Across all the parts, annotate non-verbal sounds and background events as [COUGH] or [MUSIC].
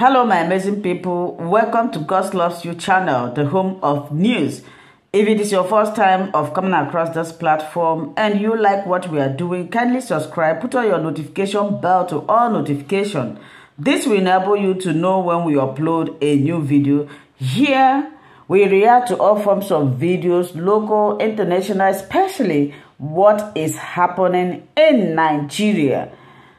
Hello, my amazing people. Welcome to God Loves You channel, the home of news. If it is your first time of coming across this platform and you like what we are doing, kindly subscribe, put on your notification bell to all notification. This will enable you to know when we upload a new video. Here, we react to all forms of videos, local, international, especially what is happening in Nigeria.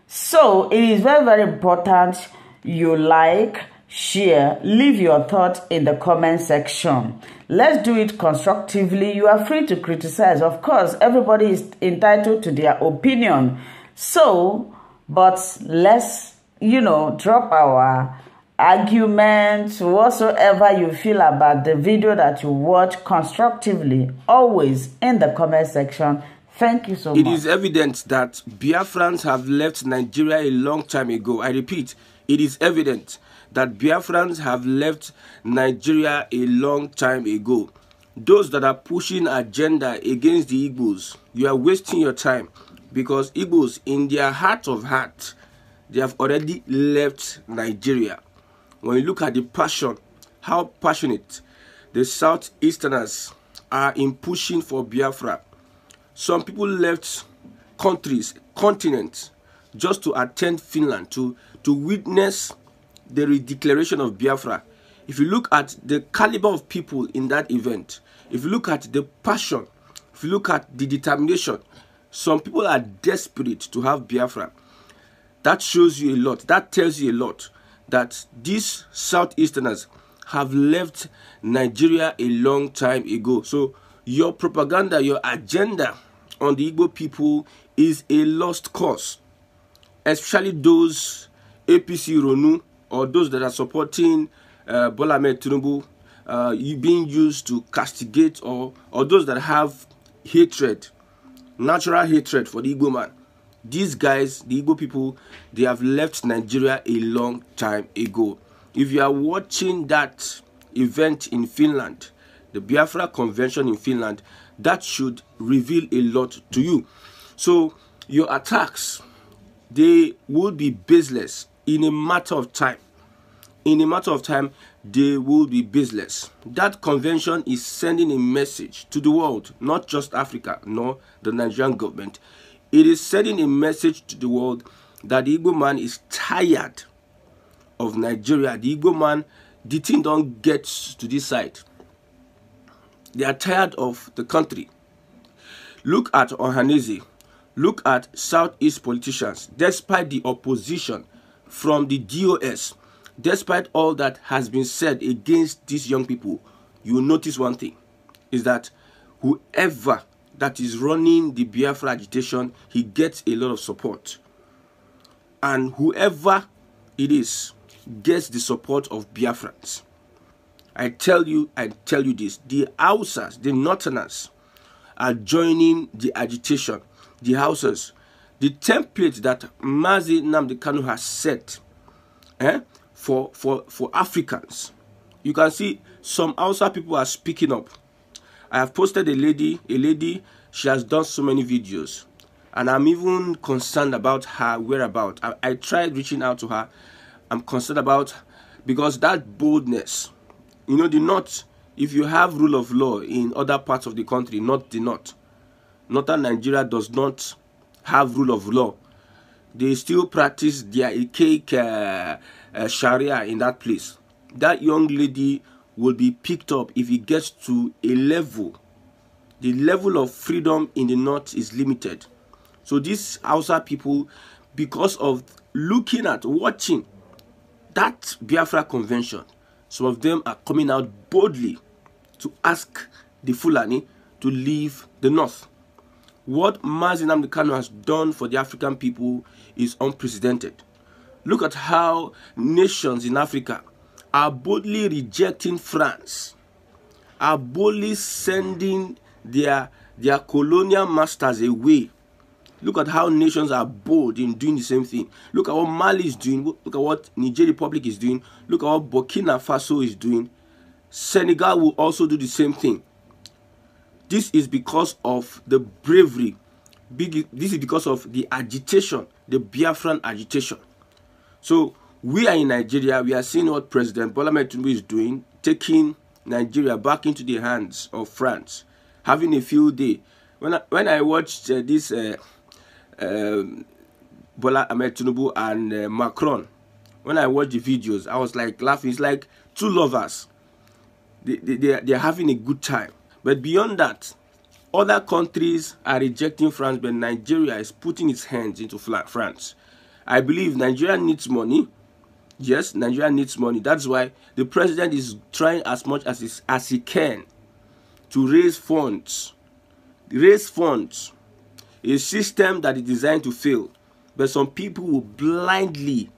So, it is very, very important you like, share, leave your thought in the comment section. Let's do it constructively. You are free to criticize. Of course, everybody is entitled to their opinion. So, but let's, you know, drop our arguments, whatsoever you feel about the video that you watch constructively, always in the comment section. Thank you so it much. It is evident that Biafrans have left Nigeria a long time ago. I repeat, it is evident that Biafrans have left Nigeria a long time ago. Those that are pushing agenda against the Igbos, you are wasting your time because Igbos, in their heart of heart, they have already left Nigeria. When you look at the passion, how passionate the Southeasterners are in pushing for Biafra. Some people left countries, continents, just to attend Finland, to to witness the redeclaration of Biafra. If you look at the caliber of people in that event, if you look at the passion, if you look at the determination, some people are desperate to have Biafra. That shows you a lot. That tells you a lot that these Southeasterners have left Nigeria a long time ago. So your propaganda, your agenda on the Igbo people is a lost cause, especially those APC Ronu or those that are supporting uh, Bola Ahmed Tinubu uh, being used to castigate or, or those that have hatred, natural hatred for the Igbo man. These guys, the Igbo people, they have left Nigeria a long time ago. If you are watching that event in Finland, the Biafra Convention in Finland, that should reveal a lot to you. So your attacks, they would be baseless in a matter of time in a matter of time they will be business that convention is sending a message to the world not just africa nor the nigerian government it is sending a message to the world that the igbo man is tired of nigeria the igbo man the thing don't get to this side they are tired of the country look at ohanese look at southeast politicians despite the opposition from the DOS. Despite all that has been said against these young people, you notice one thing is that whoever that is running the Biafra agitation, he gets a lot of support. And whoever it is gets the support of Biafrans. I tell you, I tell you this, the Hausas, the Northerners, are joining the agitation. The Hausas the template that Mazi Namdekanu has set eh, for, for, for Africans. You can see some outside people are speaking up. I have posted a lady, a lady, she has done so many videos. And I'm even concerned about her whereabouts. I, I tried reaching out to her. I'm concerned about because that boldness, you know, the not if you have rule of law in other parts of the country, not the north, northern Nigeria does not have rule of law, they still practice their archaic uh, uh, Sharia in that place. That young lady will be picked up if it gets to a level. The level of freedom in the north is limited. So these Hausa people, because of looking at, watching that Biafra convention, some of them are coming out boldly to ask the Fulani to leave the north. What Mazinam Kano has done for the African people is unprecedented. Look at how nations in Africa are boldly rejecting France, are boldly sending their, their colonial masters away. Look at how nations are bold in doing the same thing. Look at what Mali is doing. Look at what Niger Republic is doing. Look at what Burkina Faso is doing. Senegal will also do the same thing. This is because of the bravery. This is because of the agitation, the Biafran agitation. So we are in Nigeria. We are seeing what President Bola Tinubu is doing, taking Nigeria back into the hands of France, having a few day. When I, when I watched uh, this uh, um, Bola Ahmed Tinubu and uh, Macron, when I watched the videos, I was like laughing. It's like two lovers. They, they, they, are, they are having a good time. But beyond that, other countries are rejecting France, but Nigeria is putting its hands into France. I believe Nigeria needs money. Yes, Nigeria needs money. That's why the president is trying as much as, as he can to raise funds. Raise funds. A system that is designed to fail. But some people will blindly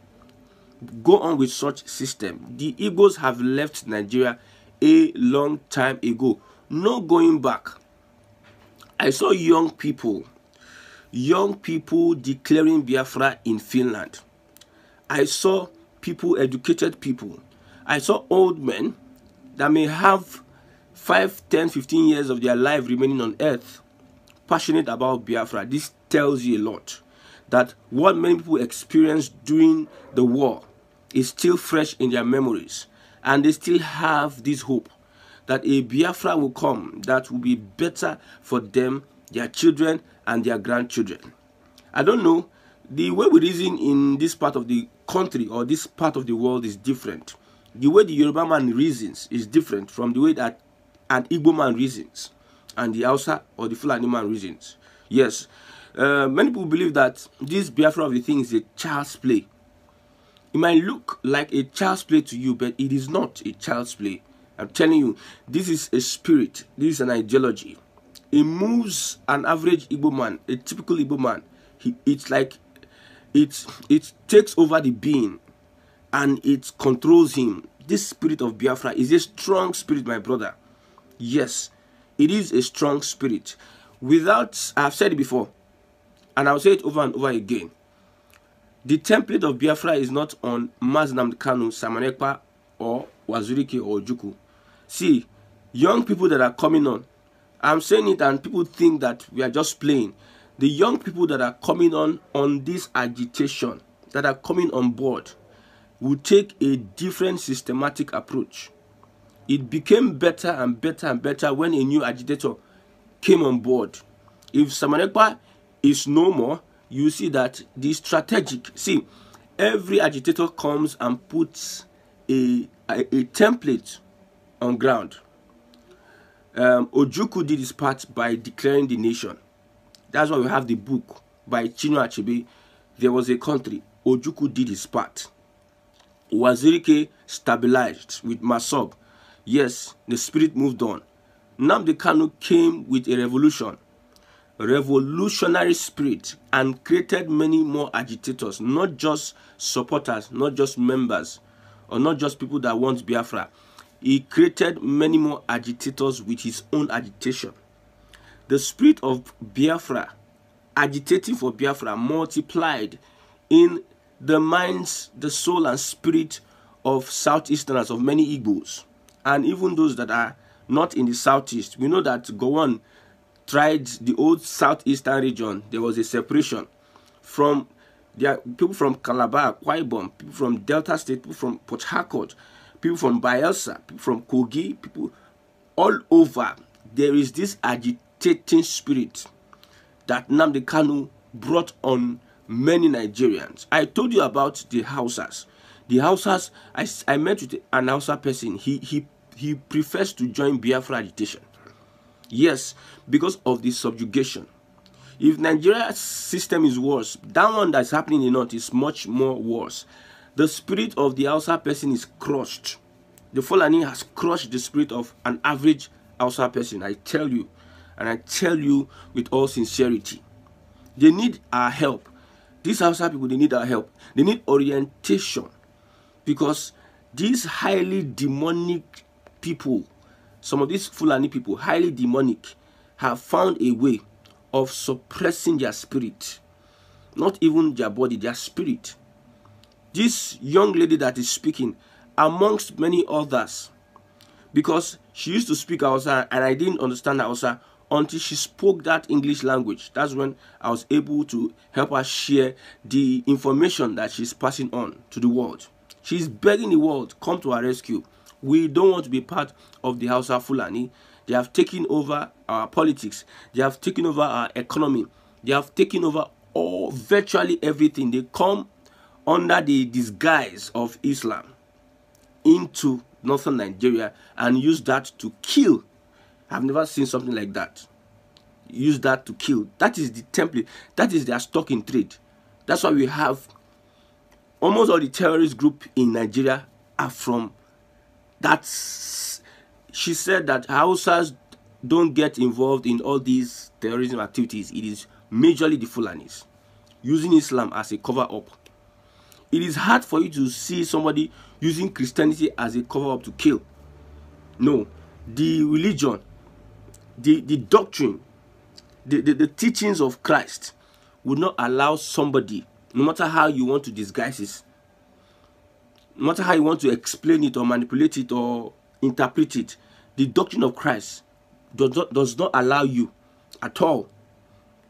go on with such system. The egos have left Nigeria a long time ago no going back. I saw young people, young people declaring Biafra in Finland. I saw people, educated people. I saw old men that may have 5, 10, 15 years of their life remaining on earth passionate about Biafra. This tells you a lot that what many people experienced during the war is still fresh in their memories and they still have this hope that a Biafra will come that will be better for them, their children, and their grandchildren. I don't know. The way we reason in this part of the country or this part of the world is different. The way the Yoruba man reasons is different from the way that an Igbo man reasons and the Hausa or the Fulani man reasons. Yes, uh, many people believe that this Biafra of the thing is a child's play. It might look like a child's play to you, but it is not a child's play. I'm telling you, this is a spirit, this is an ideology. It moves an average Igbo man, a typical Igbo man. He, it's like it it takes over the being and it controls him. This spirit of Biafra is a strong spirit, my brother. Yes, it is a strong spirit. Without I've said it before, and I'll say it over and over again. The template of Biafra is not on Maznam Kanu, Samanekpa, or Waziriki or Juku. See, young people that are coming on, I'm saying it and people think that we are just playing. The young people that are coming on on this agitation, that are coming on board, will take a different systematic approach. It became better and better and better when a new agitator came on board. If Samanekpa is no more, you see that the strategic, see, every agitator comes and puts a, a, a template on ground. Um, Ojuku did his part by declaring the nation. That's why we have the book by Chino Achebe. There was a country. Ojuku did his part. Wazirike stabilized with Masob. Yes, the spirit moved on. Namdi Kanu came with a revolution, revolutionary spirit, and created many more agitators, not just supporters, not just members, or not just people that want Biafra. He created many more agitators with his own agitation. The spirit of Biafra, agitating for Biafra, multiplied in the minds, the soul, and spirit of Southeasterners, of many Igbos, and even those that are not in the Southeast. We know that Gowon tried the old Southeastern region, there was a separation from there people from Calabar, Kwaibom, people from Delta State, people from Port Harcourt, people from Bielsa, people from Kogi, people all over. There is this agitating spirit that Namdi Kanu brought on many Nigerians. I told you about the Hausas. The Hausas, I, I met with an Hausa person. He, he, he prefers to join Biafra agitation. Yes, because of the subjugation. If Nigeria's system is worse, that one that's happening in North is much more worse the spirit of the outside person is crushed. The Fulani has crushed the spirit of an average outside person. I tell you, and I tell you with all sincerity, they need our help. These outside people, they need our help. They need orientation because these highly demonic people, some of these Fulani people, highly demonic, have found a way of suppressing their spirit. Not even their body, their spirit this young lady that is speaking, amongst many others, because she used to speak Hausa and I didn't understand Hausa until she spoke that English language. That's when I was able to help her share the information that she's passing on to the world. She's begging the world, come to our rescue. We don't want to be part of the Hausa Fulani. They have taken over our politics. They have taken over our economy. They have taken over all, virtually everything. They come under the disguise of Islam into northern Nigeria and use that to kill. I've never seen something like that. Use that to kill. That is the template. That is their stock in trade. That's why we have almost all the terrorist group in Nigeria are from that. She said that Hausas don't get involved in all these terrorism activities. It is majorly the Fulanis using Islam as a cover up it is hard for you to see somebody using Christianity as a cover up to kill. No, the religion, the, the doctrine, the, the, the teachings of Christ would not allow somebody, no matter how you want to disguise it, no matter how you want to explain it or manipulate it or interpret it, the doctrine of Christ does not, does not allow you at all.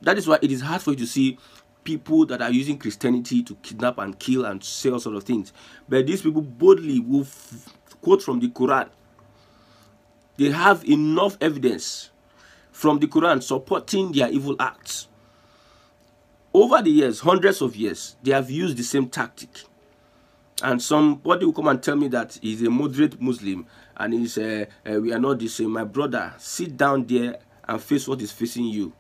That is why it is hard for you to see people that are using Christianity to kidnap and kill and sell sort of things. But these people boldly will quote from the Quran. They have enough evidence from the Quran supporting their evil acts. Over the years, hundreds of years, they have used the same tactic. And somebody will come and tell me that he's a moderate Muslim and he's, uh, uh, we are not the same. My brother, sit down there and face what is facing you.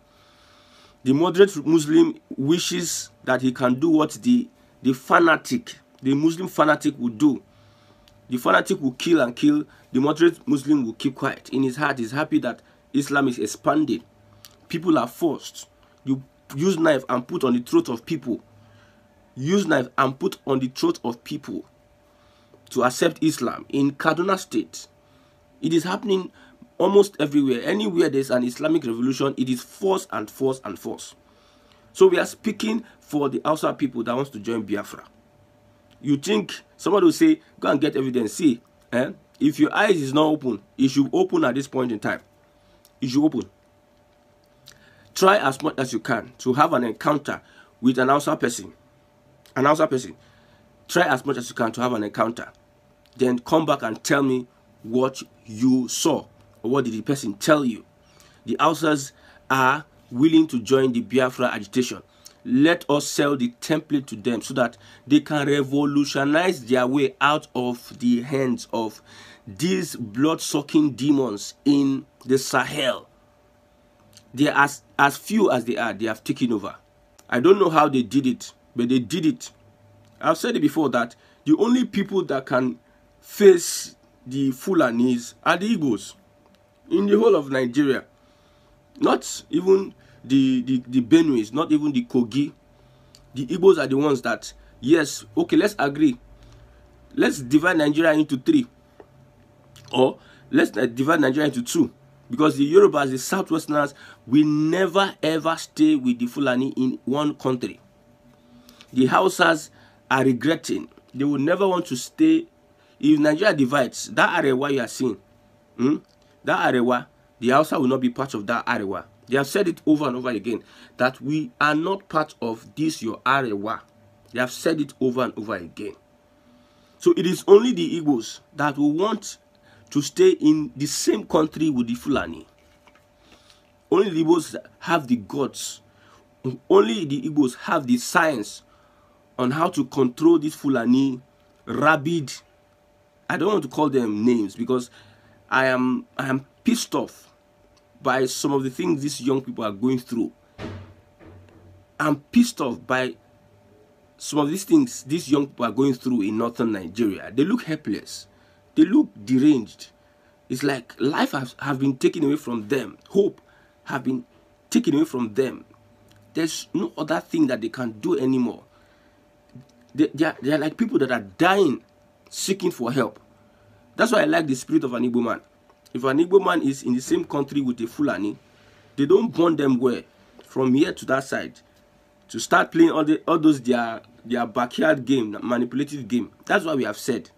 The moderate Muslim wishes that he can do what the, the fanatic, the Muslim fanatic would do. The fanatic will kill and kill. The moderate Muslim will keep quiet. In his heart, he's happy that Islam is expanding. People are forced. You use knife and put on the throat of people. Use knife and put on the throat of people to accept Islam in Kaduna State. It is happening almost everywhere anywhere there's an islamic revolution it is force and force and force so we are speaking for the outside people that wants to join biafra you think somebody will say go and get evidence see eh? if your eyes is not open it should open at this point in time it should open try as much as you can to have an encounter with an outside person an outside person try as much as you can to have an encounter then come back and tell me what you saw what did the person tell you? The Hausas are willing to join the Biafra agitation. Let us sell the template to them so that they can revolutionize their way out of the hands of these blood-sucking demons in the Sahel. They are as, as few as they are, they have taken over. I don't know how they did it, but they did it. I've said it before that the only people that can face the Fulanis are the Igos. in the whole of Nigeria. Not even the, the, the Benuis, not even the Kogi. The Igbos are the ones that, yes, okay, let's agree. Let's divide Nigeria into three. Or let's uh, divide Nigeria into two. Because the Yorubas, the Southwesterners, will never ever stay with the Fulani in one country. The Hausas are regretting. They will never want to stay. If Nigeria divides, that area where you are seeing, hmm, That Arewa, the Hausa will not be part of that Arewa. They have said it over and over again that we are not part of this your Arewa. They have said it over and over again. So it is only the Igbos that will want to stay in the same country with the Fulani. Only the Igbos have the gods. Only the Igbos have the science on how to control this Fulani rabid. I don't want to call them names because I am I am pissed off by some of the things these young people are going through. I'm pissed off by some of these things these young people are going through in northern Nigeria. They look helpless. They look deranged. It's like life has have been taken away from them. Hope have been taken away from them. There's no other thing that they can do anymore. They, they, are, they are like people that are dying, seeking for help. That's why I like the spirit of an Igbo man. If an Igbo man is in the same country with a Fulani, they don't bond them well from here to that side to start playing all, the, all those their, their backyard game, manipulative game. That's why we have said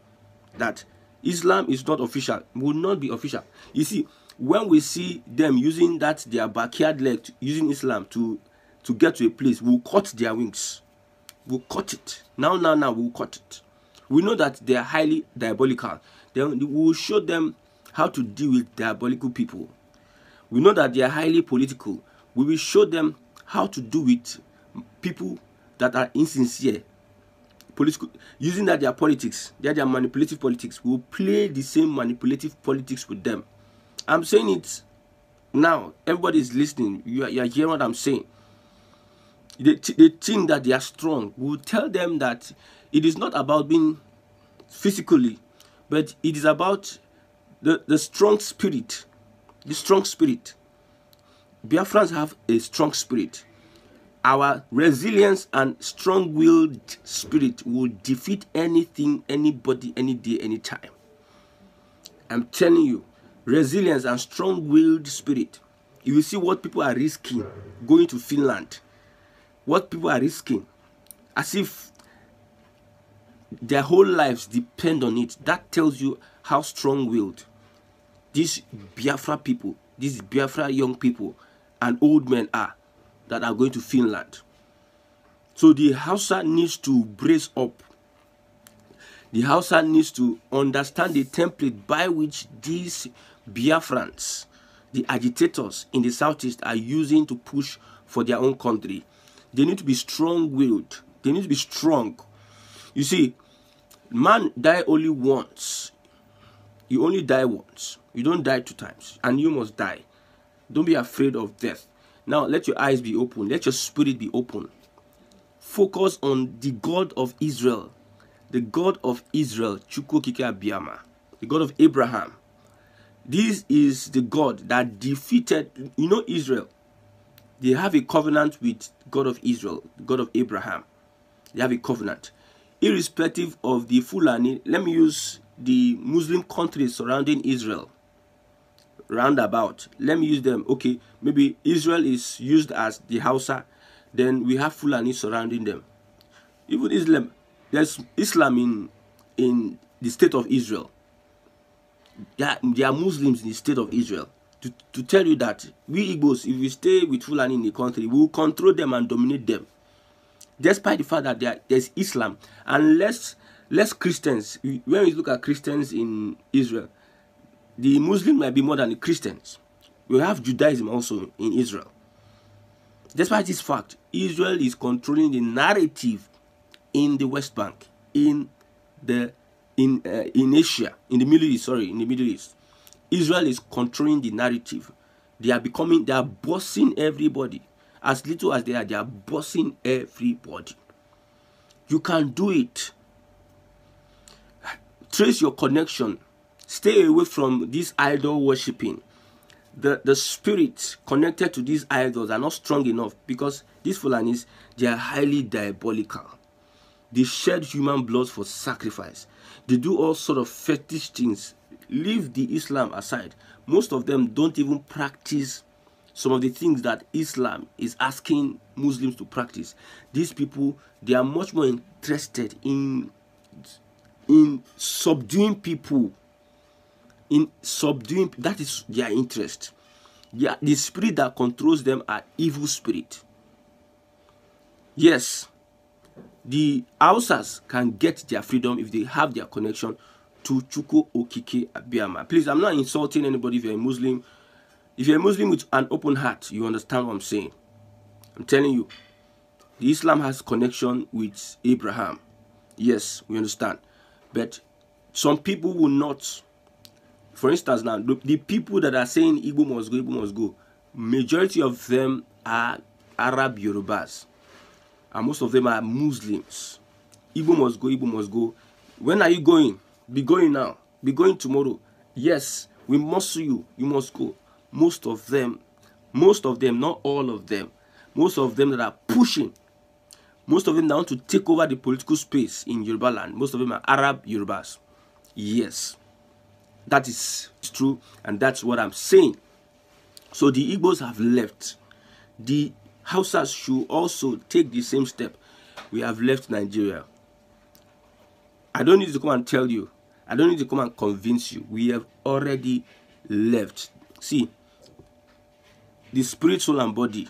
that Islam is not official, will not be official. You see, when we see them using that their backyard leg, using Islam to, to get to a place, we'll cut their wings. We'll cut it. Now, now, now, we'll cut it. We know that they are highly diabolical. Then we will show them how to deal with diabolical people. We know that they are highly political. We will show them how to deal with people that are insincere. Political, using that their politics, that their manipulative politics, we will play the same manipulative politics with them. I'm saying it now. Everybody is listening. You are, you are hearing what I'm saying. They, they think that they are strong. We will tell them that it is not about being physically but it is about the, the strong spirit. The strong spirit. Biafrans have a strong spirit. Our resilience and strong willed spirit will defeat anything, anybody, any day, any time. I'm telling you, resilience and strong willed spirit. You will see what people are risking going to Finland, what people are risking, as if their whole lives depend on it. That tells you how strong willed these Biafra people, these Biafra young people and old men are that are going to Finland. So the Hausa needs to brace up. The Hausa needs to understand the template by which these Biafrans, the agitators in the southeast, are using to push for their own country. They need to be strong willed. They need to be strong. You see, man die only once you only die once you don't die two times and you must die don't be afraid of death now let your eyes be open let your spirit be open focus on the god of israel the god of israel chukwukike abiyama the god of abraham this is the god that defeated you know israel they have a covenant with god of israel god of abraham they have a covenant irrespective of the Fulani, let me use the Muslim countries surrounding Israel roundabout. Let me use them. Okay, maybe Israel is used as the Hausa, then we have Fulani surrounding them. Even Islam, there's Islam in in the state of Israel. There are, there are Muslims in the state of Israel. To, to tell you that we Igbos, if we stay with Fulani in the country, we will control them and dominate them despite the fact that there, there's Islam and less less Christians. When we look at Christians in Israel, the Muslim might be more than the Christians. We have Judaism also in Israel. Despite this fact, Israel is controlling the narrative in the West Bank, in the in uh, in Asia, in the Middle East. Sorry, in the Middle East, Israel is controlling the narrative. They are becoming, they are bossing everybody as little as they are, they are bossing everybody. You can do it. Trace your connection. Stay away from this idol worshipping. The, the spirits connected to these idols are not strong enough because these Fulanis, they are highly diabolical. They shed human blood for sacrifice. They do all sort of fetish things. Leave the Islam aside. Most of them don't even practice some of the things that Islam is asking Muslims to practice. These people, they are much more interested in, in subduing people. In subduing, that is their interest. the spirit that controls them are evil spirit. Yes, the Hausas can get their freedom if they have their connection to Chuko Okike Abiyama. Please, I'm not insulting anybody if you're a Muslim if you're a Muslim with an open heart, you understand what I'm saying. I'm telling you, the Islam has connection with Abraham. Yes, we understand. But some people will not. For instance, now, the, the people that are saying Igbo must go, Igbo must go, majority of them are Arab Yorubas. And most of them are Muslims. Igbo must go, Igbo must go. When are you going? Be going now. Be going tomorrow. Yes, we must you. You must go most of them, most of them, not all of them, most of them that are pushing, most of them that want to take over the political space in Yoruba land, most of them are Arab Yorubas. Yes, that is true, and that's what I'm saying. So the Igbos have left. The Hausas should also take the same step. We have left Nigeria. I don't need to come and tell you. I don't need to come and convince you. We have already left. See, the spirit, soul, and body.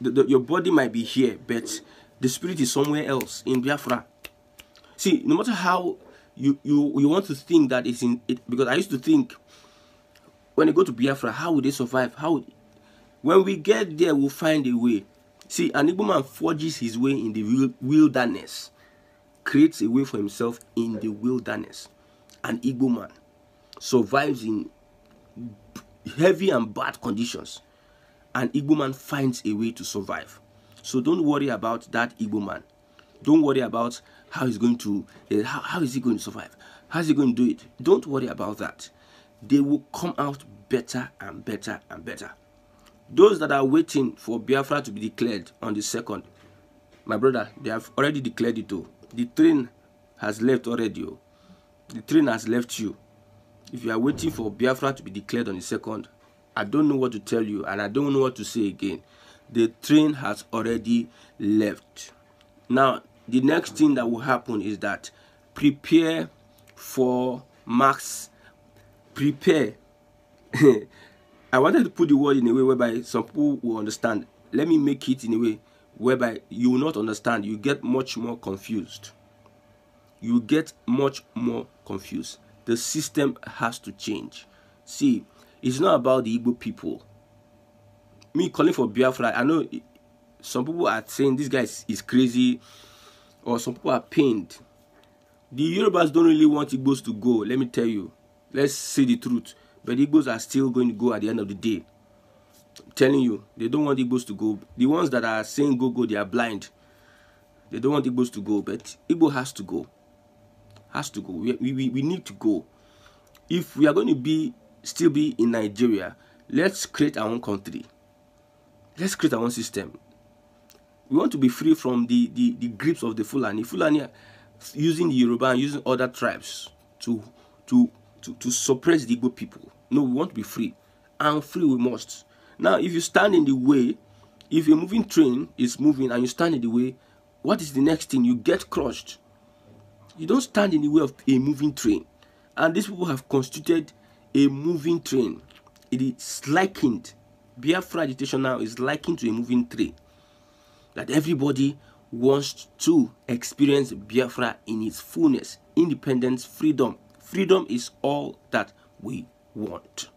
The, the, your body might be here, but the spirit is somewhere else in Biafra. See, no matter how you you, you want to think that it's in it, because I used to think when you go to Biafra, how would they survive? How would, when we get there, we'll find a way. See, an Igbo man forges his way in the wilderness, creates a way for himself in the wilderness. An Igbo man survives in heavy and bad conditions. and Igbo man finds a way to survive. So don't worry about that Igbo man. Don't worry about how he's going to, uh, how, how is he going to survive? How's he going to do it? Don't worry about that. They will come out better and better and better. Those that are waiting for Biafra to be declared on the 2nd, my brother, they have already declared it. Too. The train has left already. Oh. The train has left you. If you are waiting for Biafra to be declared on the 2nd, I don't know what to tell you and I don't know what to say again. The train has already left. Now, the next thing that will happen is that prepare for max prepare [LAUGHS] i wanted to put the word in a way whereby some people will understand let me make it in a way whereby you will not understand you get much more confused you get much more confused the system has to change. See, it's not about the Igbo people. Me calling for Biafra, I know some people are saying this guy is, is crazy or some people are pained. The Yorubas don't really want Igbos to go, let me tell you. Let's see the truth. But Igbos are still going to go at the end of the day. I'm telling you, they don't want Igbos to go. The ones that are saying go, go, they are blind. They don't want Igbos to go, but Igbo has to go has to go. We, we, we need to go. If we are going to be still be in Nigeria, let's create our own country. Let's create our own system. We want to be free from the, the, the grips of the Fulani. Fulani using the Yoruba and using other tribes to, to, to, to suppress the good people. No, we want to be free. And free we must. Now, if you stand in the way, if a moving train is moving and you stand in the way, what is the next thing? You get crushed. You don't stand in the way of a moving train. And these people have constituted a moving train. It is likened. Biafra agitation now is likened to a moving train. That everybody wants to experience Biafra in its fullness, independence, freedom. Freedom is all that we want.